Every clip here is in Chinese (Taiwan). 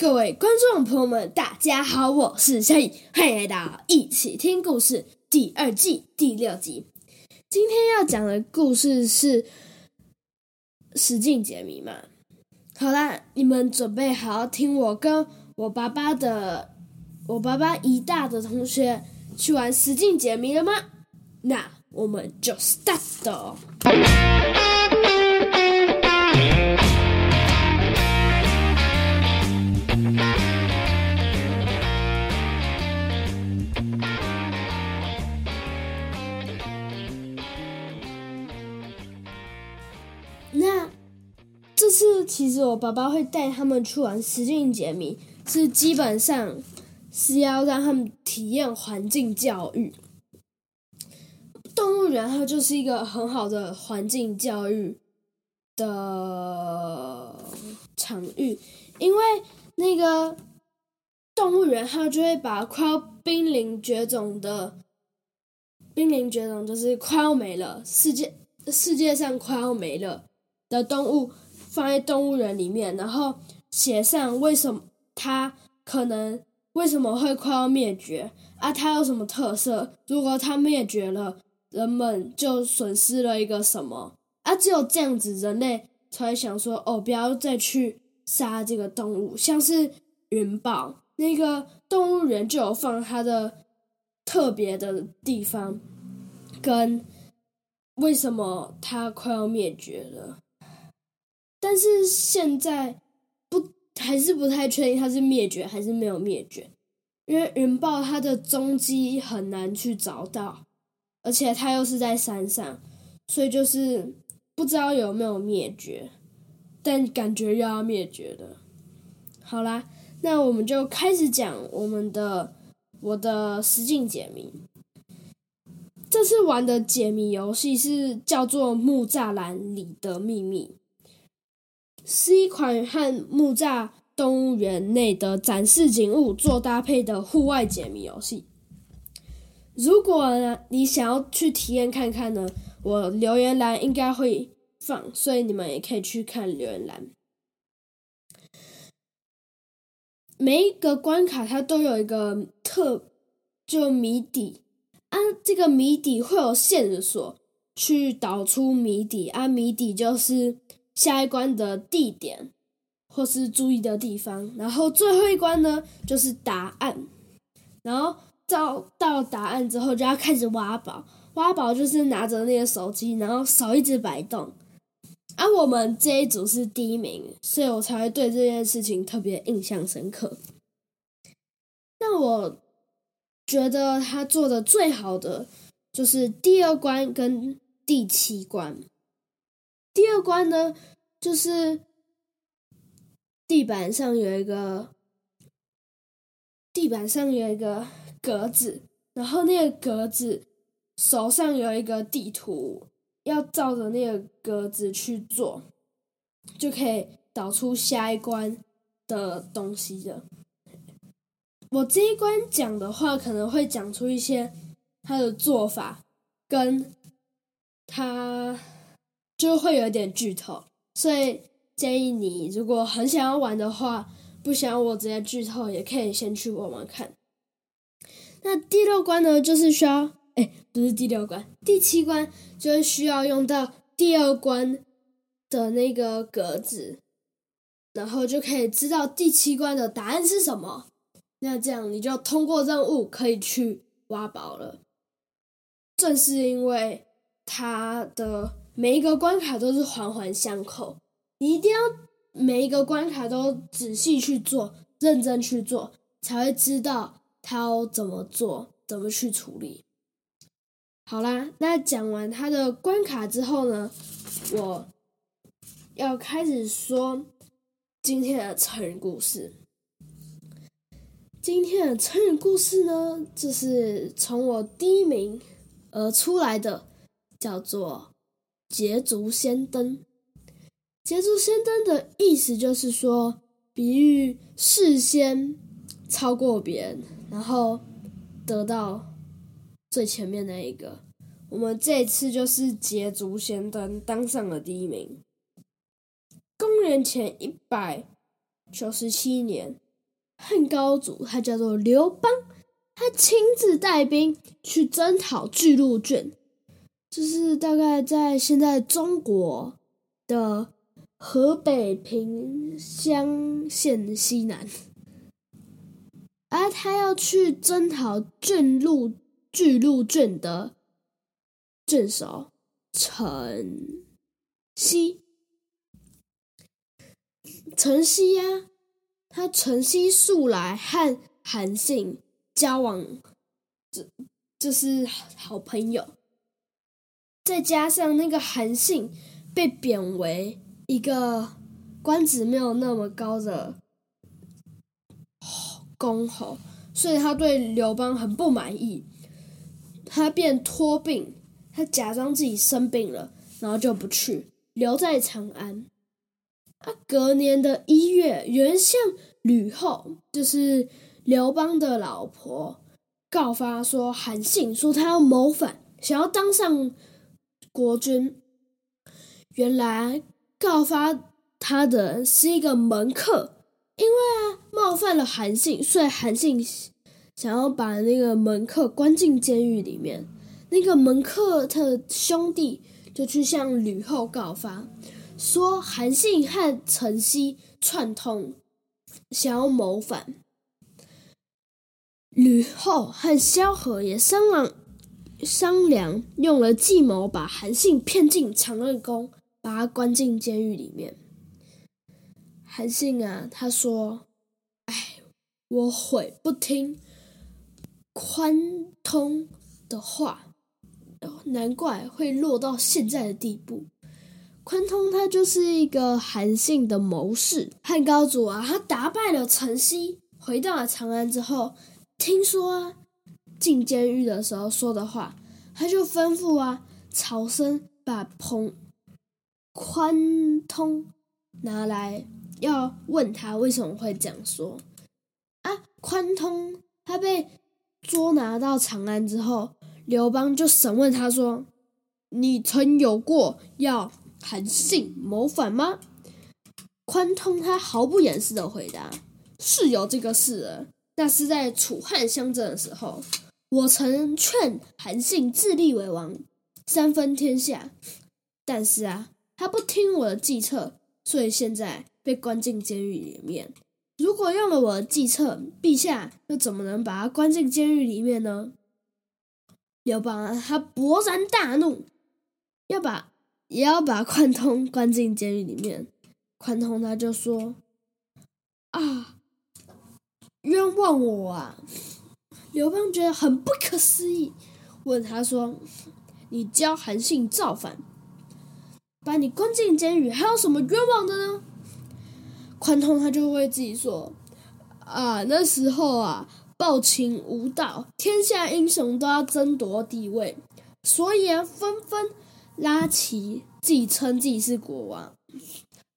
各位觀眾朋友們，大家好，我是小雨，歡迎來到一起聽故事第二季第六集。今天要講的故事是實境解謎嘛？好啦，你們準備好聽我跟我爸爸的，我爸爸一大的同學去玩實境解謎了嗎？那我們就 start、哦。啊啊啊啊啊啊。這次其實我爸爸會帶他們去玩實境解謎，是基本上是要讓他們體驗環境教育。動物園它就是一個很好的環境教育的場域，因為那個動物園它就會把快要瀕臨絕種的、瀕臨絕種就是快要沒了、世界世界上快要沒了的動物。放在動物園裡面，然後寫上為什麼它可能為什麼會快要滅絕啊？它有什麼特色？如果它滅絕了，人們就損失了一個什麼啊？只有這樣子，人類才想說哦，不要再去殺這個動物，像是雲豹，那個動物園就有放它的特別的地方，跟為什麼它快要滅絕了。但是現在不還是不太確定它是滅絕還是沒有滅絕，因為雲豹它的蹤跡很難去找到，而且它又是在山上，所以就是不知道有沒有滅絕，但感覺又要滅絕的。好啦，那我們就開始講我們的我的實境解謎。這次玩的解謎遊戲是叫做木柵欄裡的秘密。是一款和木柵動物園內的展示景物做搭配的戶外解謎遊戲。如果呢你想要去體驗看看呢，我留言欄應該會放，所以你們也可以去看留言欄。每一個關卡它都有一個特，就謎底啊，這個謎底會有線索去導出謎底啊，謎底就是。下一關的地點，或是注意的地方，然後最後一關呢就是答案，然後找到，到答案之後就要開始挖寶，挖寶就是拿着那個手機，然後手一直擺動。啊，我們這一組是第一名，所以我才會對這件事情特別印象深刻。那我覺得他做的最好的就是第二關跟第七關。第二關呢，就是地板上有一個地板上有一個格子，然後那個格子手上有一個地圖，要照着那個格子去做，就可以導出下一關的東西的。我這一關講的話，可能會講出一些他的做法，跟他。就會有點劇透，所以建議你如果很想要玩的話，不想我直接劇透，也可以先去玩玩看。那第六關呢，就是需要，哎，不是第六關，第七關就是需要用到第二關的那個格子，然後就可以知道第七關的答案是什麼。那這樣你就通過任務可以去挖寶了。正是因為它的。每一個關卡都是環環相扣，你一定要每一個關卡都仔細去做，認真去做，才會知道他要怎麼做，怎麼去處理。好啦，那講完他的關卡之後呢，我要開始說今天的成語故事。今天的成語故事呢，就是從我第一名而出來的，叫做。捷足先登。捷足先登的意思就是說，比喻事先超過別人，然後得到最前面那一個。我們這一次就是捷足先登，當上了第一名。公元前一百九十七年，漢高祖他叫做劉邦，他親自帶兵去征討鉅鹿郡。就是大概在現在中國的河北平鄉縣西南，而他要去征討巨鹿、巨鹿郡的郡守陳豨。陳豨呀，他陳豨素來和韓信交往，這，這是好朋友。再加上那個韓信被貶為一個官職沒有那麼高的公侯，所以他對劉邦很不滿意。他便托病，他假裝自己生病了，然後就不去，留在長安。啊，隔年的一月，有人向呂後就是劉邦的老婆，告發說，韓信說他要謀反，想要當上。國君。原來告發他的是一個門客，因為啊冒犯了韓信，所以韓信想要把那個門客關進監獄裡面。那個門客他的兄弟就去向呂後告發，說韓信和陳豨串通，想要謀反。呂後和蕭何也商量，商量用了計謀，把韓信騙進長樂宮，把他關進監獄裡面。韓信啊，他說：“哎，我悔不聽寬通的話，難怪會落到現在的地步。”寬通他就是一個韓信的謀士。漢高祖啊，他打敗了陳豨，回到了長安之後，聽說啊。進監獄的時候說的話，他就吩咐啊，曹參把彭寬通拿來，要問他為什麼會這樣說。啊，寬通他被捉拿到長安之後，劉邦就審問他說：“你曾有過要韓信謀反嗎？”寬通他毫不掩飾的回答：“是有這個事，但那是在楚漢相爭的時候。”我曾勸韓信自立為王，三分天下，但是啊，他不聽我的計策，所以現在被關進監獄裡面。如果用了我的計策，陛下又怎麼能把他關進監獄裡面呢？劉邦啊，他勃然大怒，要把也要把蒯通關進監獄裡面。蒯通他就說：“啊，冤枉我啊！”劉邦覺得很不可思議，問他說：“你教韓信造反，把你關進監獄，還有什麼冤枉的呢？”蒯通他就會自己說：“啊，那時候啊，暴秦無道，天下英雄都要爭奪地位，所以啊，紛紛拉起自己，稱自己是國王，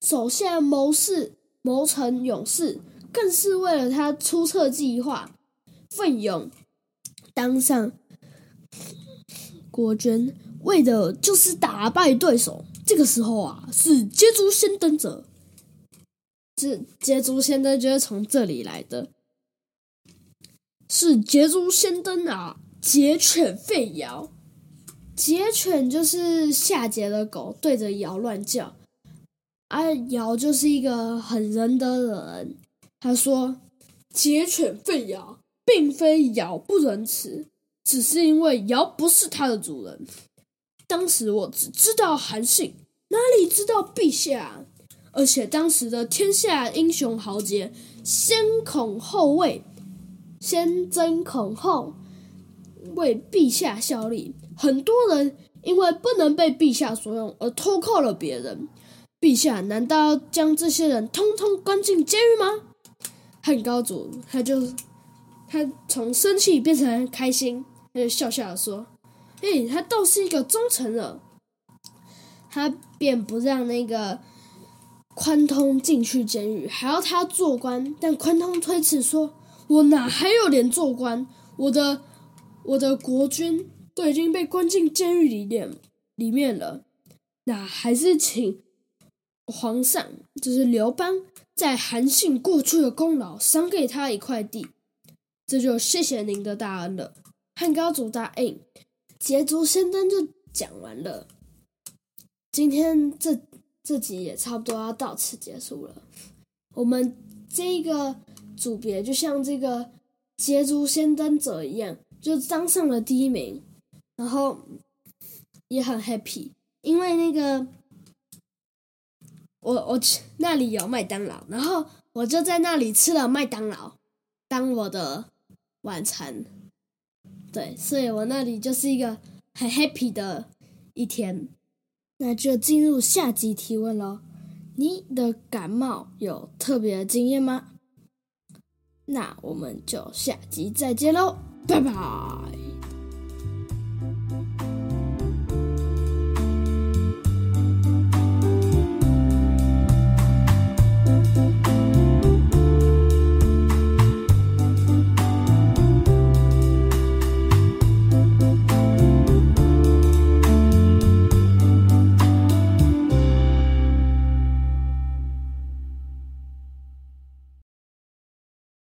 手下謀士、謀臣、勇士，更是為了他出策計劃。”奮勇當上國君，為的就是打敗對手。這個時候啊，是捷足先登者。這“捷足先登”就是從這裡來的，是捷足先登啊！桀犬吠堯，桀犬就是夏桀的狗，對着堯亂叫。而、啊、堯就是一個很仁德的人，他說：“桀犬吠堯。”並非堯不仁慈，只是因為堯不是他的主人。當時我只知道韓信，哪裡知道陛下啊？而且當時的天下英雄豪傑，先恐後畏，先爭恐後，為陛下效力。很多人因為不能被陛下所用，而投靠了別人。陛下難道將這些人通通關進監獄嗎？漢高祖他就是。他從生氣變成開心，他就笑笑的說：“嘿、欸，他倒是一個忠臣了。他便不讓那個寬通進去監獄，還要他做官。但寬通推辭說：“我哪還有臉做官？我的我的國君都已經被關進監獄裡面裡面了。那還是請皇上，就是劉邦，在韓信過去的功勞，賞給他一塊地。”這就謝謝您的大恩了。漢高祖答應，「捷足先登」就講完了。今天這這集也差不多要到此結束了。我們這個組別就像這個捷足先登者一樣，就當上了第一名，然後也很 happy。因為那個我我去那裡有麥當勞，然後我就在那裡吃了麥當勞，當我的。晚餐，對，所以我那裡就是一個很 happy 的一天。那就進入下集提問嘍。你的感冒有特別的經驗嗎？那我們就下集再見嘍，拜拜。